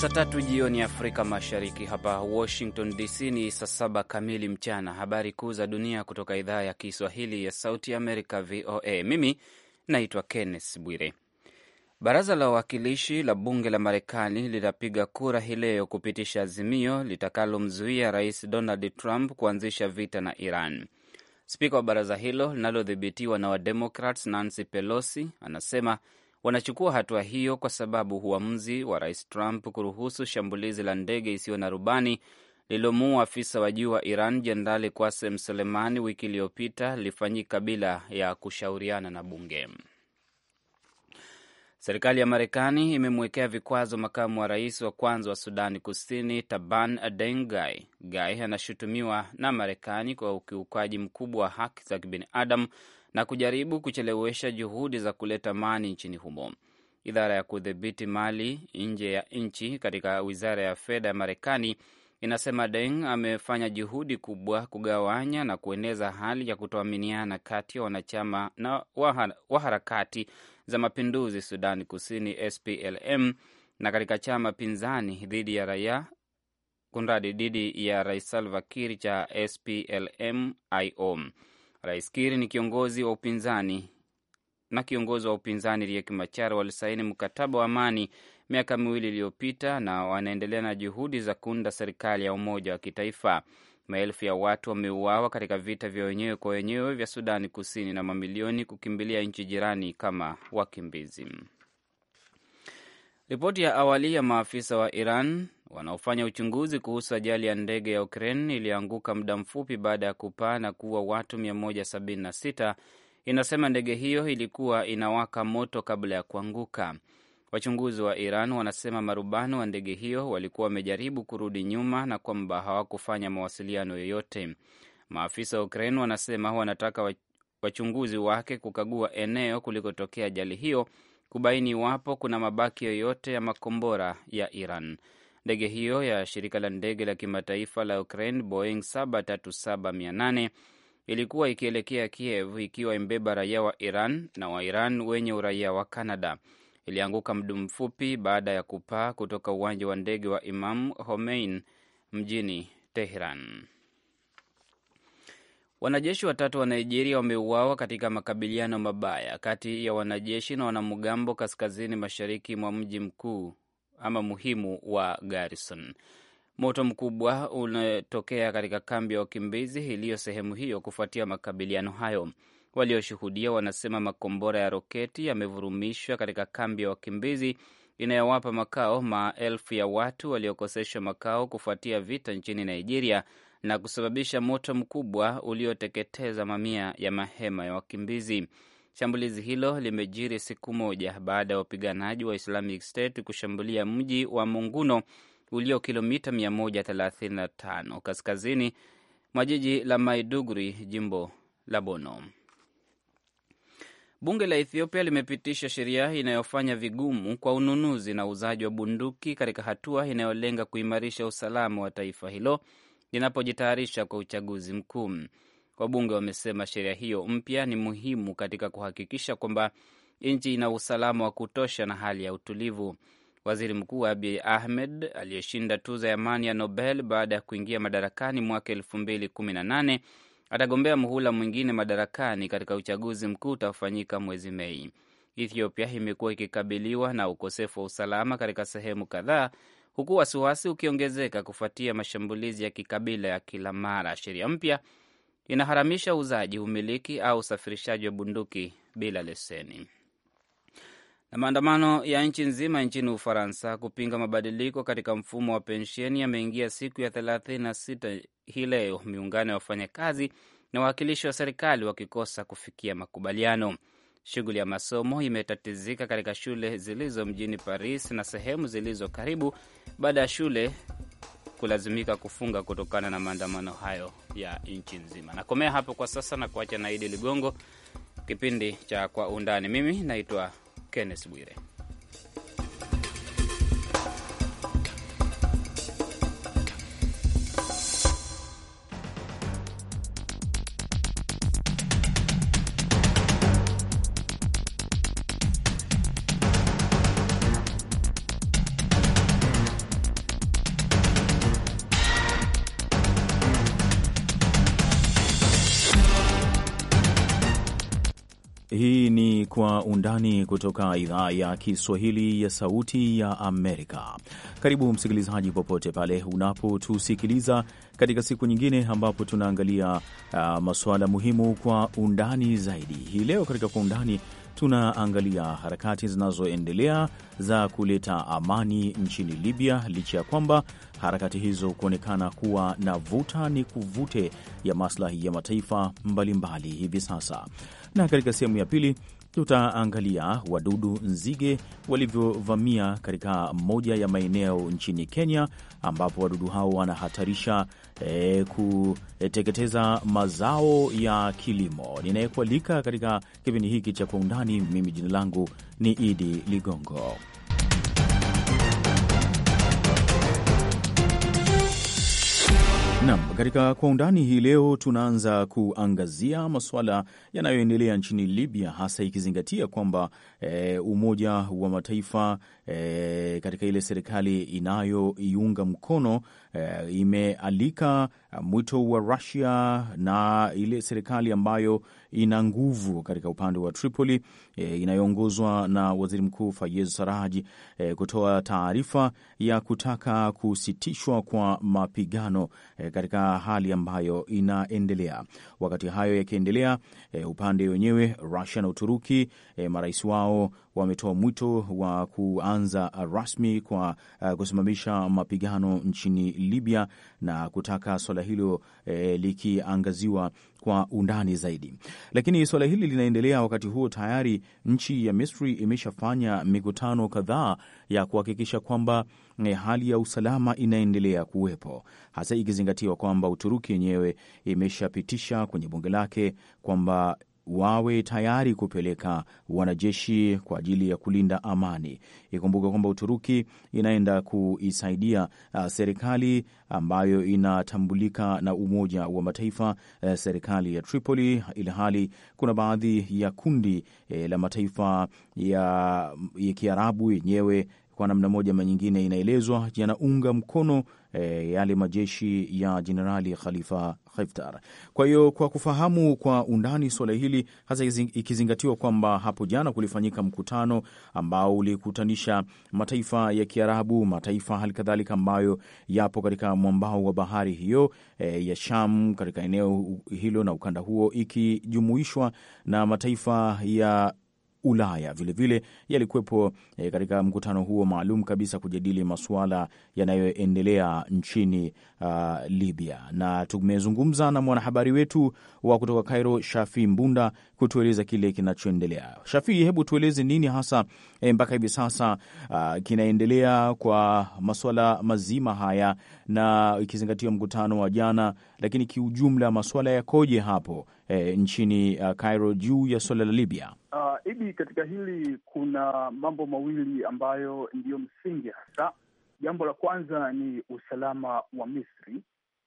saa tatu jioni Afrika Mashariki. Hapa Washington DC ni saa saba kamili mchana. Habari kuu za dunia kutoka idhaa ya Kiswahili ya Sauti Amerika, VOA. Mimi naitwa Kenneth Bwire. Baraza la Wawakilishi la Bunge la Marekani litapiga kura hii leo kupitisha azimio litakalomzuia Rais Donald Trump kuanzisha vita na Iran. Spika wa baraza hilo linalodhibitiwa na Wademokrats, Nancy Pelosi, anasema Wanachukua hatua hiyo kwa sababu uamuzi wa rais Trump kuruhusu shambulizi la ndege isiyo na rubani lililomuua afisa wa juu wa Iran Jenerali Qasem Soleimani wiki iliyopita lilifanyika bila ya kushauriana na bunge. Serikali ya Marekani imemwekea vikwazo makamu wa rais wa kwanza wa Sudani Kusini, Taban Aden Gai. Gai anashutumiwa na Marekani kwa ukiukaji mkubwa wa haki za kibinadamu na kujaribu kuchelewesha juhudi za kuleta amani nchini humo. Idara ya kudhibiti mali nje ya nchi katika wizara ya fedha ya Marekani inasema Deng amefanya juhudi kubwa kugawanya na kueneza hali ya kutoaminiana kati ya wanachama na wa harakati za mapinduzi Sudani Kusini, SPLM, na katika chama pinzani dhidi ya raia kunradi dhidi ya Rais Salva Kiir cha SPLM-IO. Rais Kiir ni kiongozi wa upinzani na kiongozi wa upinzani Riek Machar walisaini mkataba wa amani miaka miwili iliyopita na wanaendelea na juhudi za kuunda serikali ya umoja wa kitaifa. Maelfu ya watu wameuawa katika vita vya wenyewe kwa wenyewe vya Sudani Kusini na mamilioni kukimbilia nchi jirani kama wakimbizi. Ripoti ya awali ya maafisa wa Iran wanaofanya uchunguzi kuhusu ajali ya ndege ya Ukraine iliyoanguka muda mfupi baada ya kupaa na kuua watu 176 inasema ndege hiyo ilikuwa inawaka moto kabla ya kuanguka. Wachunguzi wa Iran wanasema marubani wa ndege hiyo walikuwa wamejaribu kurudi nyuma na kwamba hawakufanya mawasiliano yoyote. Maafisa wa Ukraine wanasema wanataka wachunguzi wake kukagua eneo kulikotokea ajali hiyo kubaini iwapo kuna mabaki yoyote ya makombora ya Iran. Ndege hiyo ya shirika la ndege la kimataifa la Ukraine Boeing 737-800 ilikuwa ikielekea Kiev ikiwa imbeba raia wa Iran na wa Iran wenye uraia wa Canada. Ilianguka muda mfupi baada ya kupaa kutoka uwanja wa ndege wa Imam Homein mjini Teheran. Wanajeshi watatu wa Nigeria wameuawa katika makabiliano mabaya kati ya wanajeshi na wanamgambo kaskazini mashariki mwa mji mkuu ama muhimu wa Garrison. Moto mkubwa unatokea katika kambi ya wakimbizi iliyo sehemu hiyo kufuatia makabiliano hayo. Walioshuhudia wanasema makombora ya roketi yamevurumishwa katika kambi ya wakimbizi inayowapa makao maelfu ya watu waliokoseshwa makao kufuatia vita nchini Nigeria na kusababisha moto mkubwa ulioteketeza mamia ya mahema ya wakimbizi. Shambulizi hilo limejiri siku moja baada ya wapiganaji wa Islamic State kushambulia mji wa Munguno ulio kilomita 135 kaskazini mwa jiji la Maiduguri, jimbo la Bono. Bunge la Ethiopia limepitisha sheria inayofanya vigumu kwa ununuzi na uuzaji wa bunduki katika hatua inayolenga kuimarisha usalama wa taifa hilo linapojitayarisha kwa uchaguzi mkuu. Wabunge wamesema sheria hiyo mpya ni muhimu katika kuhakikisha kwamba nchi ina usalama wa kutosha na hali ya utulivu. Waziri Mkuu Abiy Ahmed aliyeshinda tuzo ya amani ya Nobel baada ya kuingia madarakani mwaka elfu mbili kumi na nane atagombea muhula mwingine madarakani katika uchaguzi mkuu utaofanyika mwezi Mei. Ethiopia imekuwa ikikabiliwa na ukosefu wa usalama katika sehemu kadhaa, huku wasiwasi ukiongezeka kufuatia mashambulizi ya kikabila ya kila mara. Sheria mpya inaharamisha uuzaji, umiliki au usafirishaji wa bunduki bila leseni. Na maandamano ya nchi nzima nchini Ufaransa kupinga mabadiliko katika mfumo wa pensheni yameingia siku ya thelathini na sita hii leo, miungano ya wafanyakazi na wawakilishi wa serikali wakikosa kufikia makubaliano. Shughuli ya masomo imetatizika katika shule zilizo mjini Paris na sehemu zilizo karibu baada ya shule kulazimika kufunga kutokana na maandamano hayo ya nchi nzima. Nakomea hapo kwa sasa na kuacha na Idi Ligongo kipindi cha Kwa Undani. Mimi naitwa Kenneth Bwire. undani kutoka idhaa ya Kiswahili ya Sauti ya Amerika. Karibu msikilizaji, popote pale unapotusikiliza katika siku nyingine ambapo tunaangalia uh, masuala muhimu kwa undani zaidi. Hii leo katika kwa undani tunaangalia harakati zinazoendelea za kuleta amani nchini Libya licha ya kwamba harakati hizo kuonekana kuwa na vuta ni kuvute ya maslahi ya mataifa mbalimbali hivi sasa. Na katika sehemu ya pili tutaangalia wadudu nzige walivyovamia katika moja ya maeneo nchini Kenya, ambapo wadudu hao wanahatarisha e, kuteketeza mazao ya kilimo. Ninayekualika katika kipindi hiki cha Kwa Undani, mimi jina langu ni Idi Ligongo. Nam, katika kwa undani hii leo tunaanza kuangazia masuala yanayoendelea nchini Libya, hasa ikizingatia kwamba e, Umoja wa Mataifa e, katika ile serikali inayoiunga mkono e, imealika mwito wa Rusia na ile serikali ambayo ina nguvu katika upande wa Tripoli e, inayoongozwa na waziri mkuu Fayez Sarraj e, kutoa taarifa ya kutaka kusitishwa kwa mapigano e, katika hali ambayo inaendelea. Wakati hayo yakiendelea, e, upande wenyewe Rusia na Uturuki e, marais wao wametoa mwito wa kuanza rasmi kwa uh, kusimamisha mapigano nchini Libya na kutaka swala hilo e, likiangaziwa kwa undani zaidi. Lakini swala hili linaendelea wakati huo, tayari nchi ya Misri imeshafanya mikutano kadhaa ya kuhakikisha kwamba e, hali ya usalama inaendelea kuwepo, hasa ikizingatiwa kwamba Uturuki yenyewe imeshapitisha kwenye bunge lake kwamba wawe tayari kupeleka wanajeshi kwa ajili ya kulinda amani. ikumbuka kwamba Uturuki inaenda kuisaidia uh, serikali ambayo inatambulika na Umoja wa Mataifa, uh, serikali ya Tripoli, ilhali kuna baadhi ya kundi uh, la mataifa ya, ya Kiarabu yenyewe kwa namna moja ama nyingine inaelezwa yanaunga mkono e, yale majeshi ya Jenerali Khalifa Haftar. Kwa hiyo kwa kufahamu kwa undani suala hili hasa ikizingatiwa kwamba hapo jana kulifanyika mkutano ambao ulikutanisha mataifa ya Kiarabu, mataifa hali kadhalika ambayo yapo katika mwambao wa bahari hiyo e, ya Sham katika eneo hilo na ukanda huo, ikijumuishwa na mataifa ya Ulaya vilevile yalikuwepo eh, katika mkutano huo maalum kabisa kujadili masuala yanayoendelea nchini uh, Libya, na tumezungumza na mwanahabari wetu wa kutoka Cairo, Shafi Mbunda, kutueleza kile kinachoendelea. Shafi, hebu tueleze nini hasa eh, mpaka hivi sasa uh, kinaendelea kwa masuala mazima haya, na ikizingatia mkutano wa jana, lakini kiujumla masuala yakoje hapo eh, nchini uh, Cairo juu ya suala la Libya? Uh, Idi, katika hili kuna mambo mawili ambayo ndiyo msingi hasa. Jambo la kwanza ni usalama wa Misri,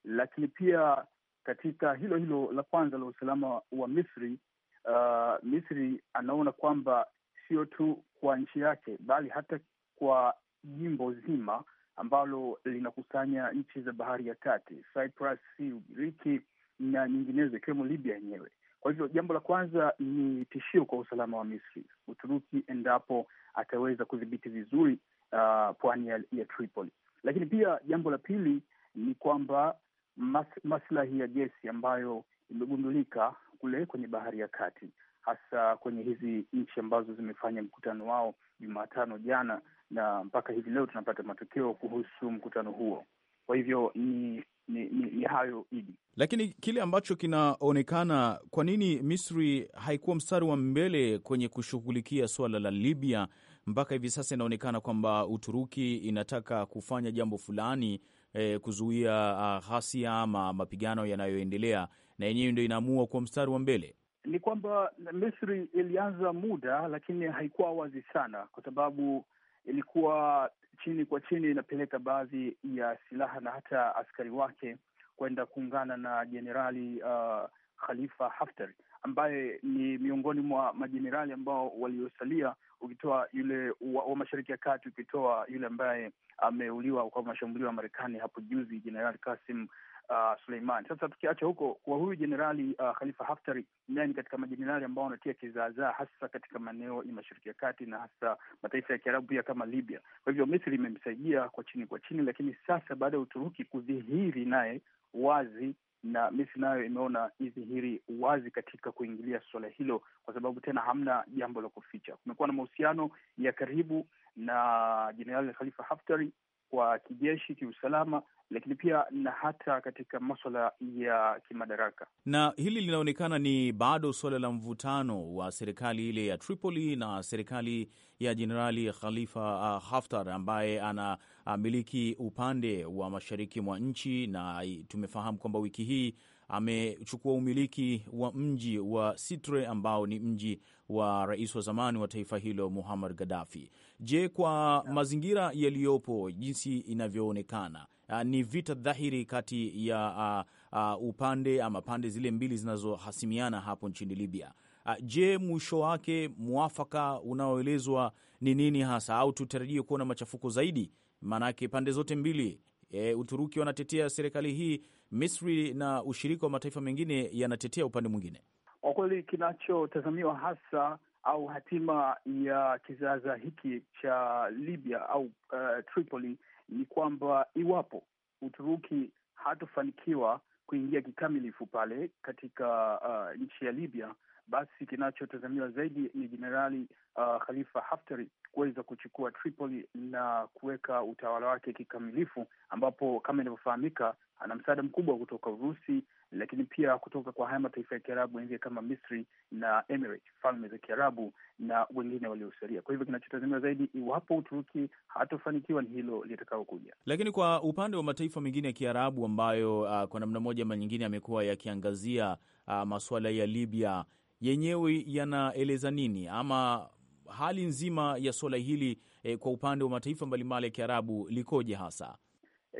lakini pia katika hilo hilo la kwanza la usalama wa Misri, uh, Misri anaona kwamba sio tu kwa nchi yake, bali hata kwa jimbo zima ambalo linakusanya nchi za bahari ya kati, Cyprus, Ugiriki na nyinginezo, ikiwemo Libya yenyewe. Kwa hivyo jambo la kwanza ni tishio kwa usalama wa Misri. Uturuki endapo ataweza kudhibiti vizuri uh, pwani ya, ya Tripoli. Lakini pia jambo la pili ni kwamba mas, maslahi ya gesi ambayo imegundulika kule kwenye bahari ya kati hasa kwenye hizi nchi ambazo zimefanya mkutano wao Jumatano jana na mpaka hivi leo tunapata matokeo kuhusu mkutano huo. Kwa hivyo ni ni, ni, ni hayo idi. Lakini kile ambacho kinaonekana, kwa nini Misri haikuwa mstari wa mbele kwenye kushughulikia suala la Libya? Mpaka hivi sasa inaonekana kwamba Uturuki inataka kufanya jambo fulani eh, kuzuia uh, ghasia ama mapigano yanayoendelea, na yenyewe ndio inaamua kuwa mstari wa mbele. Ni kwamba Misri ilianza muda, lakini haikuwa wazi sana, kwa sababu ilikuwa chini kwa chini inapeleka baadhi ya silaha na hata askari wake kwenda kuungana na jenerali uh, Khalifa Haftar ambaye ni miongoni mwa majenerali ambao waliosalia, ukitoa yule wa, wa Mashariki ya Kati, ukitoa yule ambaye ameuliwa kwa mashambulio ya Marekani hapo juzi, Jenerali Kasim uh, Suleiman. Sasa tukiacha huko kwa huyu jenerali uh, Khalifa Haftari, naye ni katika majenerali ambao wanatia kizaazaa hasa katika maeneo ya Mashariki ya Kati na hasa mataifa ya Kiarabu pia kama Libya. Kwa hivyo Misri imemsaidia kwa chini kwa chini, lakini sasa baada ya Uturuki kudhihiri naye wazi na Misri nayo imeona idhihiri wazi katika kuingilia suala hilo, kwa sababu tena hamna jambo la kuficha. Kumekuwa na mahusiano ya karibu na jenerali Khalifa Haftari wa kijeshi, kiusalama, lakini pia na hata katika maswala ya kimadaraka. Na hili linaonekana ni bado suala la mvutano wa serikali ile ya Tripoli na serikali ya Jenerali Khalifa uh, Haftar ambaye anamiliki uh, upande wa mashariki mwa nchi, na tumefahamu kwamba wiki hii amechukua umiliki wa mji wa Sitre ambao ni mji wa rais wa zamani wa taifa hilo Muhammad Gaddafi. Je, kwa mazingira yaliyopo jinsi inavyoonekana, uh, ni vita dhahiri kati ya uh, uh, upande ama pande zile mbili zinazohasimiana hapo nchini Libya. Uh, je, mwisho wake mwafaka unaoelezwa ni nini hasa, au tutarajie kuona machafuko zaidi? Maanake pande zote mbili e, Uturuki wanatetea serikali hii Misri na ushirika wa mataifa mengine yanatetea upande mwingine? Kwa kweli kinachotazamiwa hasa au hatima ya kizaza hiki cha Libya au uh, Tripoli ni kwamba iwapo Uturuki hatofanikiwa kuingia kikamilifu pale katika uh, nchi ya Libya basi kinachotazamiwa zaidi ni Jenerali uh, Khalifa Haftari kuweza kuchukua Tripoli na kuweka utawala wake kikamilifu, ambapo kama inavyofahamika ana msaada mkubwa kutoka Urusi, lakini pia kutoka kwa haya mataifa ya Kiarabu wenzie kama Misri na Emirate, falme za Kiarabu na wengine waliosalia. Kwa hivyo kinachotazamiwa zaidi, iwapo Uturuki hatofanikiwa, ni hilo litakaokuja. Lakini kwa upande wa mataifa mengine ya Kiarabu ambayo uh, kwa namna moja ama nyingine amekuwa yakiangazia uh, masuala ya Libya yenyewe yanaeleza nini ama hali nzima ya suala hili eh, kwa upande wa mataifa mbalimbali ya Kiarabu likoje hasa?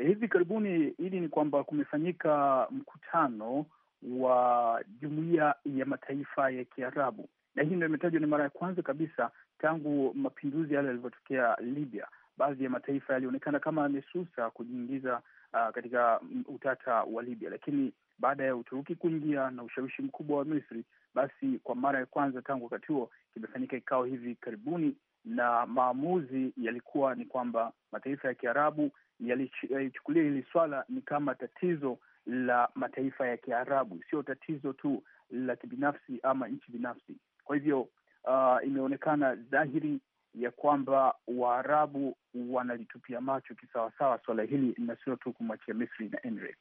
Hivi karibuni hili ni kwamba kumefanyika mkutano wa jumuiya ya mataifa ya Kiarabu, na hii ndo imetajwa ni mara ya kwanza kabisa tangu mapinduzi yale yalivyotokea Libya. Baadhi ya mataifa yalionekana kama yamesusa kujiingiza uh, katika utata wa Libya, lakini baada ya Uturuki kuingia na ushawishi mkubwa wa Misri, basi kwa mara ya kwanza tangu wakati huo kimefanyika kikao hivi karibuni, na maamuzi yalikuwa ni kwamba mataifa ya Kiarabu yalichukulia hili swala ni kama tatizo la mataifa ya Kiarabu, sio tatizo tu la kibinafsi ama nchi binafsi. Kwa hivyo uh, imeonekana dhahiri ya kwamba Waarabu wanalitupia macho kisawasawa swala hili na sio tu kumwachia Misri na Enric.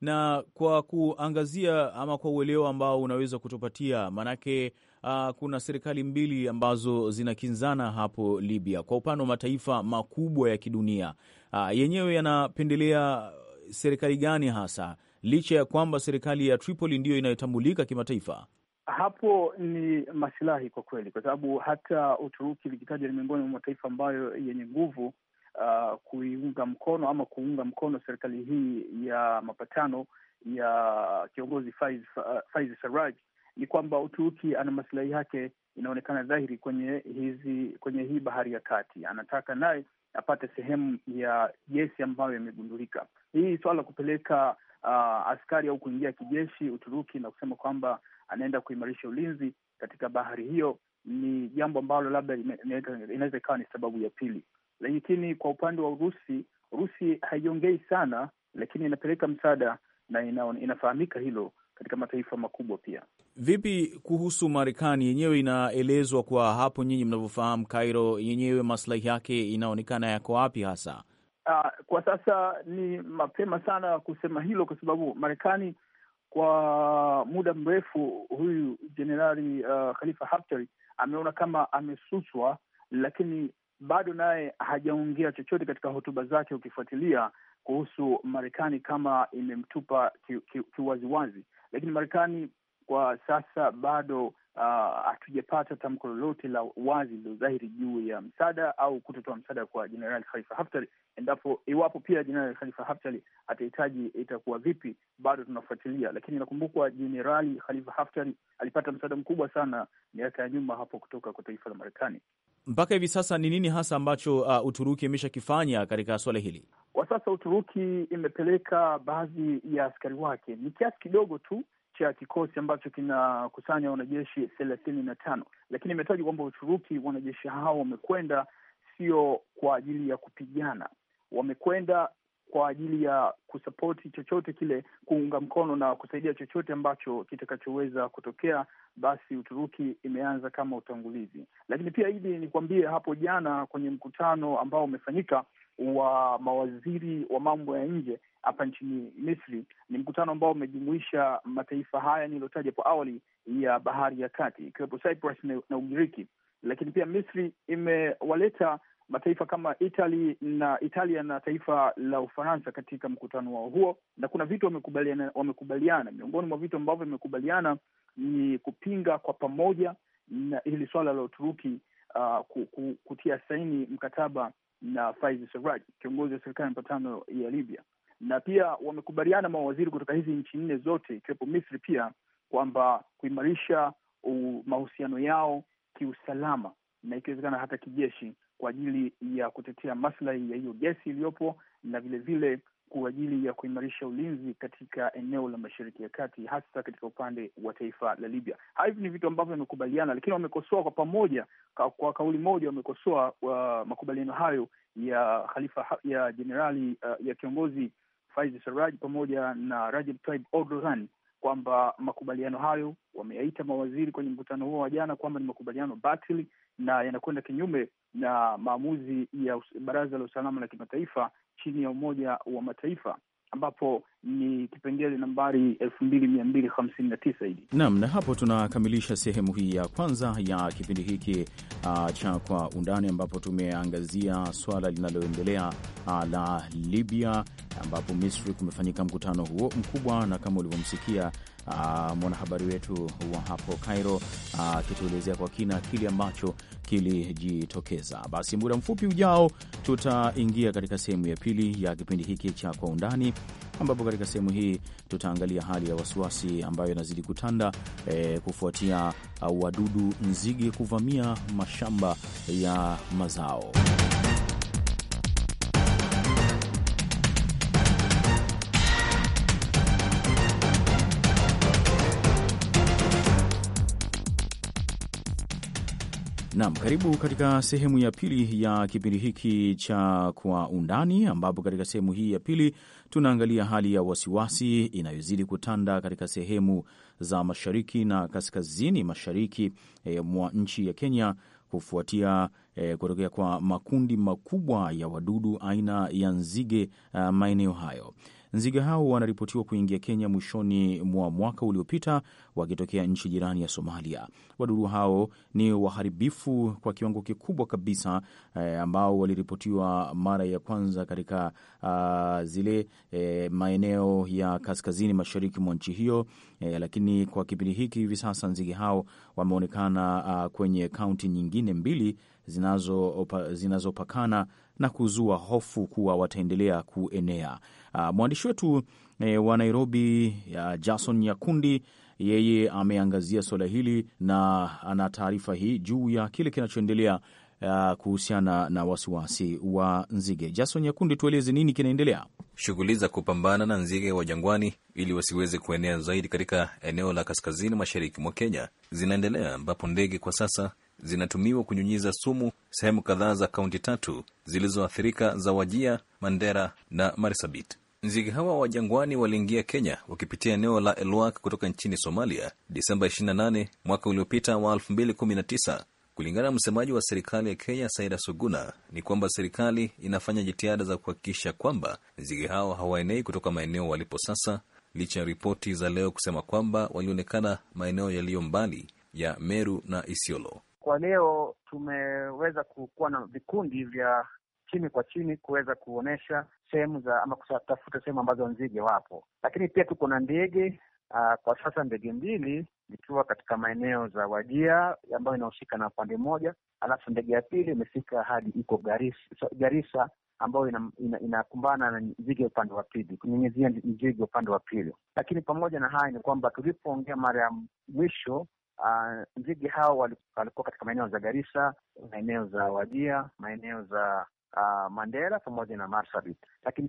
Na kwa kuangazia ama kwa uelewa ambao unaweza kutupatia, maanake uh, ah, kuna serikali mbili ambazo zinakinzana hapo Libya kwa upande wa mataifa makubwa ya kidunia uh, yenyewe yanapendelea serikali gani hasa, licha ya kwamba serikali ya Tripoli ndiyo inayotambulika kimataifa? hapo ni masilahi kwa kweli, kwa sababu hata Uturuki likitajwa ni miongoni mwa mataifa ambayo yenye nguvu uh, kuiunga mkono ama kuunga mkono serikali hii ya mapatano ya kiongozi Faiz, uh, Faiz Saraj, ni kwamba Uturuki ana masilahi yake inaonekana dhahiri kwenye hizi kwenye hii bahari ya kati. Anataka naye apate sehemu ya gesi ambayo imegundulika. Hii swala la kupeleka uh, askari au kuingia kijeshi Uturuki na kusema kwamba anaenda kuimarisha ulinzi katika bahari hiyo, ni jambo ambalo labda inaweza ikawa ni sababu ya pili. Lakini kwa upande wa Urusi, Urusi haiongei sana, lakini inapeleka msaada na ina, inafahamika hilo katika mataifa makubwa pia. Vipi kuhusu Marekani yenyewe? Inaelezwa kwa hapo, nyinyi mnavyofahamu, Cairo yenyewe maslahi yake inaonekana yako wapi hasa? Uh, kwa sasa ni mapema sana kusema hilo, kwa sababu Marekani kwa muda mrefu huyu jenerali uh, Khalifa Haftari ameona kama amesuswa, lakini bado naye hajaongea chochote katika hotuba zake, ukifuatilia kuhusu Marekani kama imemtupa kiwaziwazi ki, ki, lakini Marekani kwa sasa bado Ah, hatujapata uh, tamko lolote la wazi lilo dhahiri juu ya msaada au kutotoa msaada kwa Jenerali Khalifa Haftari. Endapo iwapo pia Jenerali Khalifa Haftari atahitaji itakuwa vipi, bado tunafuatilia, lakini inakumbukwa Jenerali Khalifa Haftari alipata msaada mkubwa sana miaka ya nyuma hapo kutoka kwa taifa la Marekani. Mpaka hivi sasa ni nini hasa ambacho uh, Uturuki imeshakifanya katika suala hili? Kwa sasa Uturuki imepeleka baadhi ya askari wake, ni kiasi kidogo tu cha kikosi ambacho kinakusanya wanajeshi thelathini na tano, lakini imetaja kwamba Uturuki wanajeshi hao wamekwenda sio kwa ajili ya kupigana, wamekwenda kwa ajili ya kusapoti chochote kile, kuunga mkono na kusaidia chochote ambacho kitakachoweza kutokea. Basi Uturuki imeanza kama utangulizi, lakini pia hivi nikuambie, hapo jana kwenye mkutano ambao umefanyika wa mawaziri wa mambo ya nje hapa nchini Misri. Ni mkutano ambao umejumuisha mataifa haya niliyotaja hapo awali ya bahari ya kati ikiwepo Cyprus na Ugiriki, lakini pia Misri imewaleta mataifa kama Italy na Italia na taifa la Ufaransa katika mkutano wao huo, na kuna vitu wamekubaliana wamekubaliana. Miongoni mwa vitu ambavyo vimekubaliana ni kupinga kwa pamoja na hili swala la Uturuki uh, kutia saini mkataba na Faiz Sarraj, kiongozi wa serikali ya mapatano ya Libya na pia wamekubaliana mawaziri kutoka hizi nchi nne zote ikiwepo Misri pia kwamba kuimarisha mahusiano yao kiusalama na ikiwezekana hata kijeshi kwa ajili ya kutetea maslahi ya hiyo gesi iliyopo na vilevile kwa ajili ya kuimarisha ulinzi katika eneo la Mashariki ya Kati, hasa katika upande wa taifa la Libya. Hivi ni vitu ambavyo wamekubaliana, lakini wamekosoa kwa pamoja, kwa, kauli moja wamekosoa uh, makubaliano hayo ya khalifa ya jenerali uh, ya kiongozi Faiz Saraj pamoja na Rajab Tayyip Erdogan kwamba makubaliano hayo wameyaita mawaziri kwenye mkutano huo wa jana kwamba ni makubaliano batili na yanakwenda kinyume na maamuzi ya Baraza la Usalama la Kimataifa chini ya Umoja wa Mataifa ambapo ni kipengele nambari elfu mbili mia mbili hamsini na tisa hivi. Naam, na hapo tunakamilisha sehemu hii ya kwanza ya kipindi hiki uh, cha Kwa Undani, ambapo tumeangazia swala linaloendelea uh, la Libya, ambapo Misri kumefanyika mkutano huo mkubwa, na kama ulivyomsikia Ah, mwanahabari wetu wa hapo Cairo ah, akituelezea kwa kina kile ambacho kilijitokeza. Basi muda mfupi ujao tutaingia katika sehemu ya pili ya kipindi hiki cha Kwa Undani, ambapo katika sehemu hii tutaangalia hali ya wasiwasi ambayo inazidi kutanda e, kufuatia ah, wadudu nzige kuvamia mashamba ya mazao. Naam, karibu katika sehemu ya pili ya kipindi hiki cha Kwa Undani, ambapo katika sehemu hii ya pili tunaangalia hali ya wasiwasi inayozidi kutanda katika sehemu za mashariki na kaskazini mashariki e, mwa nchi ya Kenya kufuatia e, kutokea kwa makundi makubwa ya wadudu aina ya nzige eh, maeneo hayo. Nzige hao wanaripotiwa kuingia Kenya mwishoni mwa mwaka uliopita wakitokea nchi jirani ya Somalia. Wadudu hao ni waharibifu kwa kiwango kikubwa kabisa eh, ambao waliripotiwa mara ya kwanza katika uh, zile eh, maeneo ya kaskazini mashariki mwa nchi hiyo eh, lakini kwa kipindi hiki hivi sasa nzige hao wameonekana uh, kwenye kaunti nyingine mbili zinazopakana zinazo na kuzua hofu kuwa wataendelea kuenea. Ah, mwandishi wetu eh, wa Nairobi ya Jason Nyakundi yeye ameangazia suala hili na ana taarifa hii juu ya kile kinachoendelea Uh, kuhusiana na wasiwasi wa nzige. Jason Nyakundi, tueleze nini kinaendelea? Shughuli za kupambana na nzige wa jangwani ili wasiweze kuenea zaidi katika eneo la kaskazini mashariki mwa Kenya zinaendelea, ambapo ndege kwa sasa zinatumiwa kunyunyiza sumu sehemu kadhaa za kaunti tatu zilizoathirika za Wajia, Mandera na Marsabit. Nzige hawa wa jangwani waliingia Kenya wakipitia eneo la Elwak kutoka nchini Somalia Disemba 28 mwaka uliopita wa 2019. Kulingana na msemaji wa serikali ya Kenya Saida Suguna ni kwamba serikali inafanya jitihada za kuhakikisha kwamba nzige hao hawaenei kutoka maeneo walipo sasa, licha ya ripoti za leo kusema kwamba walionekana maeneo yaliyo mbali ya Meru na Isiolo. Kwa leo tumeweza kuwa na vikundi vya chini kwa chini kuweza kuonyesha sehemu za ama kutafuta sehemu ambazo nzige wapo, lakini pia tuko na ndege Uh, kwa sasa ndege mbili zikiwa katika maeneo za Wajia ambayo inahusika na upande mmoja, alafu ndege ya pili imefika hadi iko Garissa, Garissa ambayo inakumbana ina, ina na nzige upande wa pili, kunyunyizia nzige upande wa pili. Lakini pamoja na haya ni kwamba tulipoongea mara ya mwisho uh, nzige hao walikuwa katika maeneo za Garissa, maeneo za Wajia, maeneo za uh, Mandela pamoja na Marsabit, lakini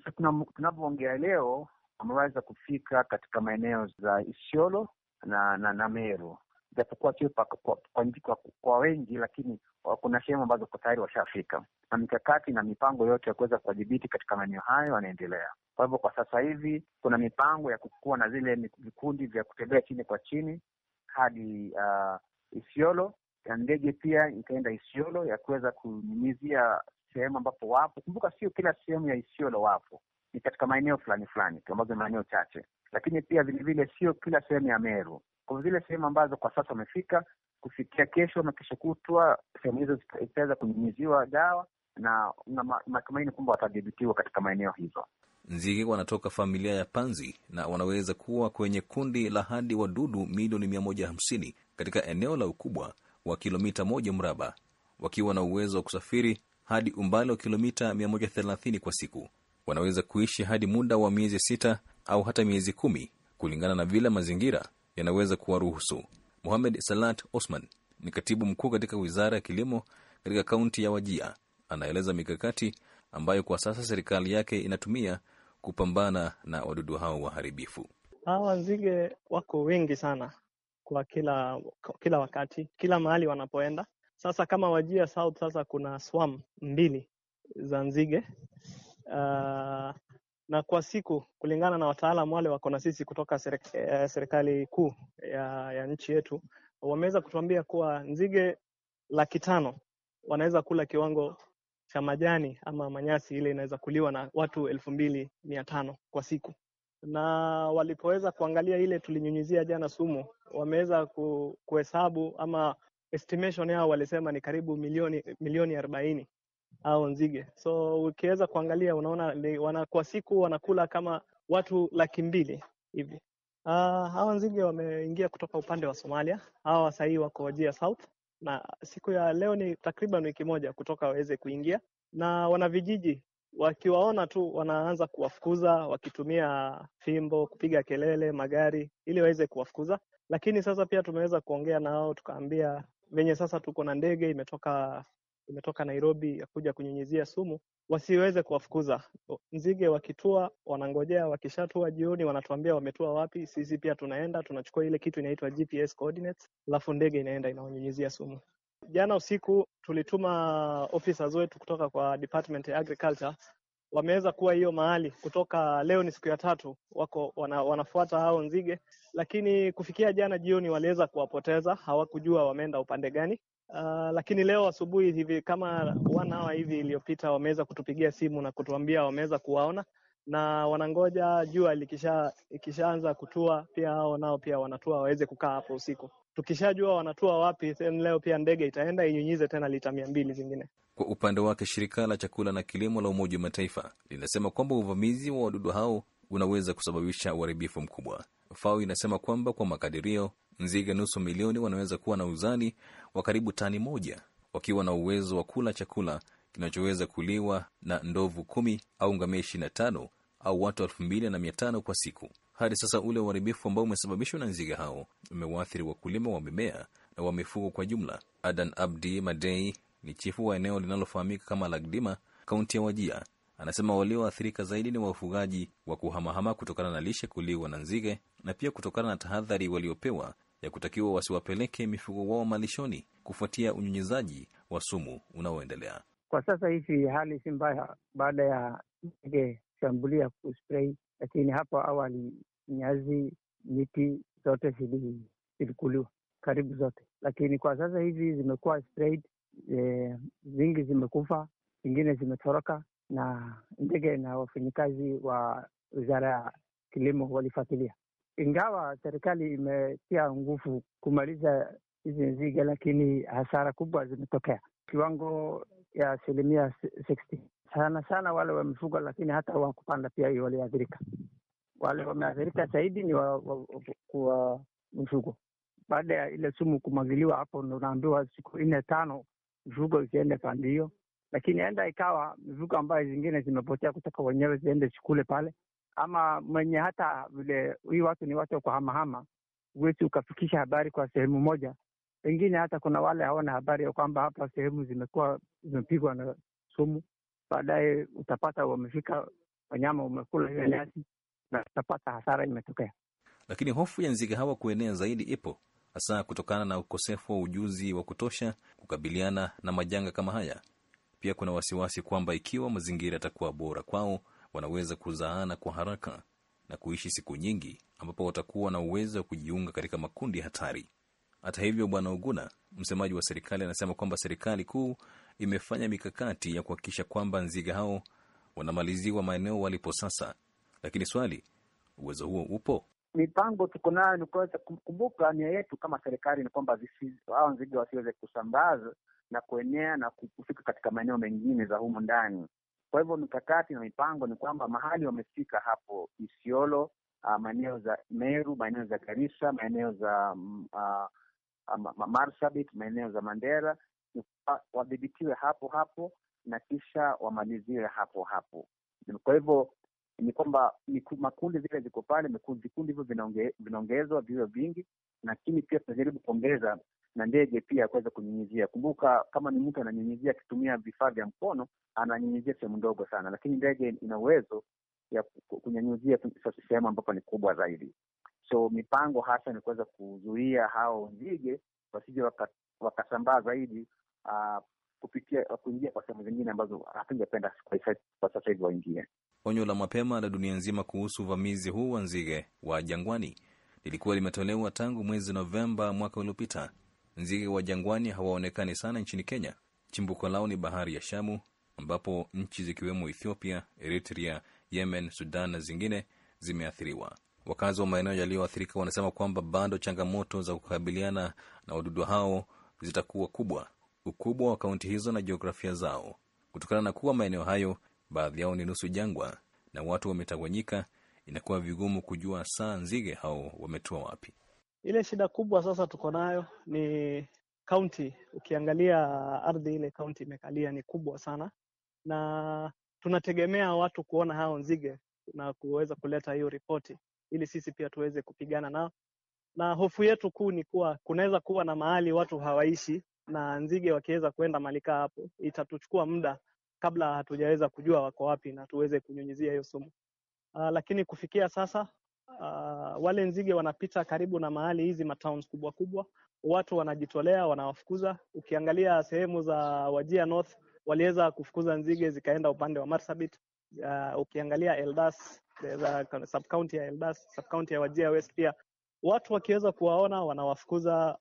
tunapoongea leo ameweza kufika katika maeneo za Isiolo na na, na Meru japokuwa sio kwa, kwa, kwa, kwa wengi, lakini kuna sehemu ambazo kwa tayari washafika na mikakati na mipango yote ya kuweza kuwadhibiti katika maeneo hayo yanaendelea. Kwa hivyo kwa sasa hivi kuna mipango ya kukuwa na zile vikundi vya kutembea chini kwa chini hadi uh, Isiolo na ndege pia ikaenda Isiolo ya kuweza kunyunyizia sehemu ambapo wapo. Kumbuka, sio kila sehemu ya Isiolo wapo, ni katika maeneo fulani fulani tu ambazo maeneo chache, lakini pia vilevile sio kila sehemu ya Meru. Kwa zile sehemu ambazo kwa sasa wamefika kufikia kesho na kesho kutwa, sehemu hizo zitaweza kunyunyiziwa dawa na na matumaini kwamba watadhibitiwa katika maeneo hizo. Nzige wanatoka familia ya panzi na wanaweza kuwa kwenye kundi la hadi wadudu milioni mia moja hamsini katika eneo la ukubwa wa kilomita moja mraba, wakiwa na uwezo wa kusafiri hadi umbali wa kilomita 130 kwa siku. Wanaweza kuishi hadi muda wa miezi sita au hata miezi kumi kulingana na vile mazingira yanaweza kuwaruhusu. muhamed Salat Osman ni katibu mkuu katika wizara ya kilimo katika kaunti ya Wajia. Anaeleza mikakati ambayo kwa sasa serikali yake inatumia kupambana na wadudu hao waharibifu. Hawa nzige wako wengi sana kwa kila, kila wakati, kila mahali wanapoenda. Sasa kama Wajia South sasa kuna swam mbili za nzige uh, na kwa siku kulingana na wataalam wale wako na sisi kutoka eh, serikali kuu ya, ya nchi yetu wameweza kutuambia kuwa nzige laki tano wanaweza kula kiwango cha majani ama manyasi ile inaweza kuliwa na watu elfu mbili mia tano kwa siku, na walipoweza kuangalia ile tulinyunyizia jana sumu, wameweza kuhesabu ama estimation yao walisema ni karibu milioni milioni arobaini au nzige. So ukiweza kuangalia unaona li, wana, kwa siku wanakula kama watu laki mbili hivi. Uh, hawa nzige wameingia kutoka upande wa Somalia. Hawa sahii wako Wajir South, na siku ya leo ni takriban wiki moja kutoka waweze kuingia, na wana vijiji wakiwaona tu wanaanza kuwafukuza wakitumia fimbo, kupiga kelele, magari ili waweze kuwafukuza. Lakini sasa pia tumeweza kuongea nao tukaambia venye sasa tuko na ndege imetoka imetoka Nairobi ya kuja kunyunyizia sumu, wasiweze kuwafukuza nzige. Wakitua wanangojea, wakishatua jioni wanatuambia wametua wapi. Sisi pia tunaenda tunachukua ile kitu inaitwa GPS coordinates, alafu ndege inaenda inawanyunyizia sumu. Jana usiku tulituma officers wetu kutoka kwa Department ya Agriculture wameweza kuwa hiyo mahali kutoka leo, ni siku ya tatu wako wana, wanafuata hao nzige, lakini kufikia jana jioni waliweza kuwapoteza, hawakujua wameenda upande gani. Uh, lakini leo asubuhi hivi kama one hour hivi iliyopita wameweza kutupigia simu na kutuambia wameweza kuwaona na wanangoja jua likisha ikishaanza kutua, pia hao nao pia wanatua waweze kukaa hapo usiku. Tukishajua wanatua wapi, then leo pia ndege itaenda inyunyize tena lita mia mbili zingine. Kwa upande wake, shirika la chakula na kilimo la Umoja wa Mataifa linasema kwamba uvamizi wa wadudu hao unaweza kusababisha uharibifu mkubwa. FAO inasema kwamba kwa makadirio, nzige nusu milioni wanaweza kuwa na uzani wa karibu tani moja, wakiwa na uwezo wa kula chakula kinachoweza kuliwa na ndovu kumi au ngamia ishirini na tano au watu elfu mbili na mia tano kwa siku. Hadi sasa ule uharibifu ambao umesababishwa na nzige hao umewaathiri wakulima wa mimea na wa mifugo kwa jumla. Adan Abdi Madei ni chifu wa eneo linalofahamika kama Lagdima, kaunti ya Wajia. Anasema walioathirika zaidi ni wafugaji wa kuhamahama kutokana na lishe kuliwa na nzige na pia kutokana na tahadhari waliopewa ya kutakiwa wasiwapeleke mifugo wao malishoni kufuatia unyunyizaji wa sumu unaoendelea kwa sasa hivi. Hali si mbaya baada ya ndege shambulia kuspray, lakini hapo awali nyazi, miti zote zilikuliwa karibu zote, lakini kwa sasa hivi zimekuwa sprayed e, zimekufa, zingine zimetoroka, na ndege na wafanyikazi wa wizara ya kilimo walifuatilia. Ingawa serikali imetia nguvu kumaliza hizi nzige, lakini hasara kubwa zimetokea kiwango ya asilimia 60 sana sana wale wamefuga, lakini hata wakupanda pia waliathirika. Wale wameathirika zaidi ni wa, wa, wa mifugo. Baada ya ile sumu kumwagiliwa hapo, ndo naambiwa siku nne tano mifugo ikienda pande hiyo, lakini enda ikawa mifugo ambayo zingine zimepotea kutoka wenyewe ziende chukule pale, ama mwenye hata vile hii watu ni watu wa kuhamahama, huwezi ukafikisha habari kwa sehemu moja. Pengine hata kuna wale hawana habari ya kwamba hapa sehemu zimekuwa zimepigwa na sumu. Baadaye utapata wamefika, wanyama umekula hiyo nyasi na utapata hasara imetokea. Lakini hofu ya nzige hawa kuenea zaidi ipo hasa kutokana na ukosefu wa ujuzi wa kutosha kukabiliana na majanga kama haya. Pia kuna wasiwasi kwamba ikiwa mazingira yatakuwa bora kwao, wanaweza kuzaana kwa haraka na kuishi siku nyingi, ambapo watakuwa na uwezo wa kujiunga katika makundi hatari. Hata hivyo, Bwana Uguna, msemaji wa serikali, anasema kwamba serikali kuu imefanya mikakati ya kuhakikisha kwamba nzige hao wanamaliziwa maeneo walipo sasa, lakini swali, uwezo huo upo? mipango tuko nayo ni kuweza kukumbuka nia yetu kama serikali ni kwamba hawa nzige wasiweze kusambaza na kuenea na kufika katika maeneo mengine za humu ndani. Kwa hivyo mikakati na mipango ni kwamba mahali wamefika hapo Isiolo, uh, maeneo za Meru, maeneo za Garissa, maeneo za uh, uh, Marsabit, maeneo za Mandera wadhibitiwe hapo hapo na kisha wamaliziwe hapo hapo. Kwa hivyo ni kwamba makundi zile ziko pale, vikundi hivyo vinaongezwa vio vingi, lakini pia tunajaribu kuongeza na ndege pia kuweza kunyunyizia. Kumbuka, kama ni mtu ananyunyizia akitumia vifaa vya mkono, ananyunyizia sehemu ndogo sana, lakini ndege ina uwezo ya kunyunyizia sehemu ambapo ni kubwa zaidi. So mipango hasa ni kuweza kuzuia hao nzige wasije wakasambaa waka zaidi, uh, kupitia kuingia kwa sehemu zingine ambazo hatungependa kwa sasa hivi waingie. Onyo la mapema la dunia nzima kuhusu uvamizi huu wa nzige wa jangwani lilikuwa limetolewa tangu mwezi Novemba mwaka uliopita. Nzige wa jangwani hawaonekani sana nchini Kenya. Chimbuko lao ni bahari ya Shamu, ambapo nchi zikiwemo Ethiopia, Eritrea, Yemen, Sudan na zingine zimeathiriwa. Wakazi wa maeneo yaliyoathirika wanasema kwamba bado changamoto za kukabiliana na wadudu hao zitakuwa kubwa. Ukubwa wa kaunti hizo na jiografia zao, kutokana na kuwa maeneo hayo baadhi yao ni nusu jangwa na watu wametawanyika, inakuwa vigumu kujua saa nzige hao wametua wapi. Ile shida kubwa sasa tuko nayo ni kaunti. Ukiangalia ardhi ile kaunti imekalia ni kubwa sana, na tunategemea watu kuona hao nzige na kuweza kuleta hiyo ripoti ili sisi pia tuweze kupigana nao, na hofu yetu kuu ni kuwa kunaweza kuwa na mahali watu hawaishi, na nzige wakiweza kuenda malika hapo, itatuchukua muda kabla hatujaweza kujua wako wapi na tuweze kunyunyizia hiyo sumu. Uh, lakini kufikia sasa uh, wale nzige wanapita karibu na mahali hizi matowns kubwa kubwa, watu wanajitolea wanawafukuza. Ukiangalia sehemu za Wajia North waliweza kufukuza nzige zikaenda upande wa Marsabit. Uh, ukiangalia Eldas, sub county ya Eldas, sub county ya Wajia West pia watu wakiweza kuwaona wanawafukuza,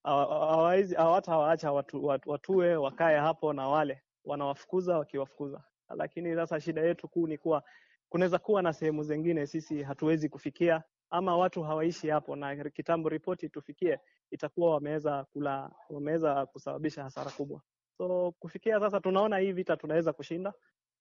hawata hawaacha watu, watu, watue wakae hapo na wale wanawafukuza wakiwafukuza. Lakini sasa shida yetu kuu ni kuwa kunaweza kuwa na sehemu zingine sisi hatuwezi kufikia, ama watu hawaishi hapo, na kitambo ripoti tufikie, itakuwa wameweza kula, wameweza kusababisha hasara kubwa. So kufikia sasa tunaona hii vita tunaweza kushinda,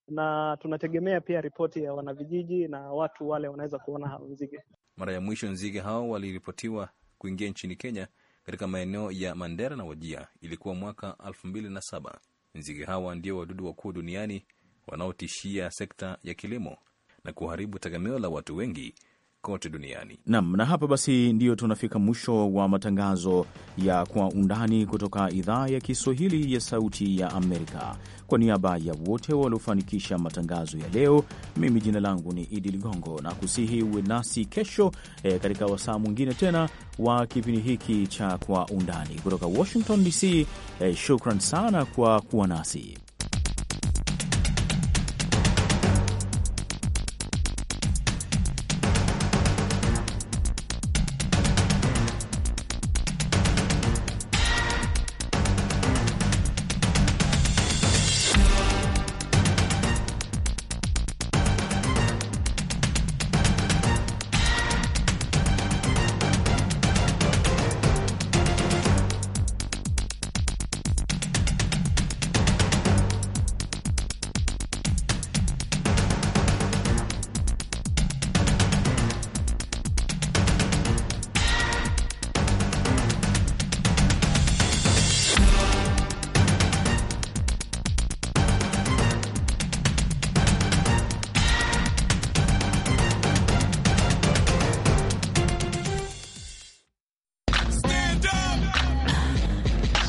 na tunategemea pia ripoti ya wanavijiji na watu wale wanaweza kuona hao nzige. Mara ya mwisho nzige hao waliripotiwa kuingia nchini Kenya katika maeneo ya Mandera na Wajia ilikuwa mwaka elfu mbili na saba. Nzige hawa ndio wadudu wakuu duniani wanaotishia sekta ya kilimo na kuharibu tegemeo la watu wengi kote duniani. Naam, na hapa basi ndiyo tunafika mwisho wa matangazo ya Kwa Undani kutoka idhaa ya Kiswahili ya Sauti ya Amerika. Kwa niaba ya wote waliofanikisha matangazo ya leo, mimi jina langu ni Idi Ligongo na kusihi uwe nasi kesho e, katika wasaa mwingine tena wa kipindi hiki cha Kwa Undani kutoka Washington DC. E, eh, shukran sana kwa kuwa nasi.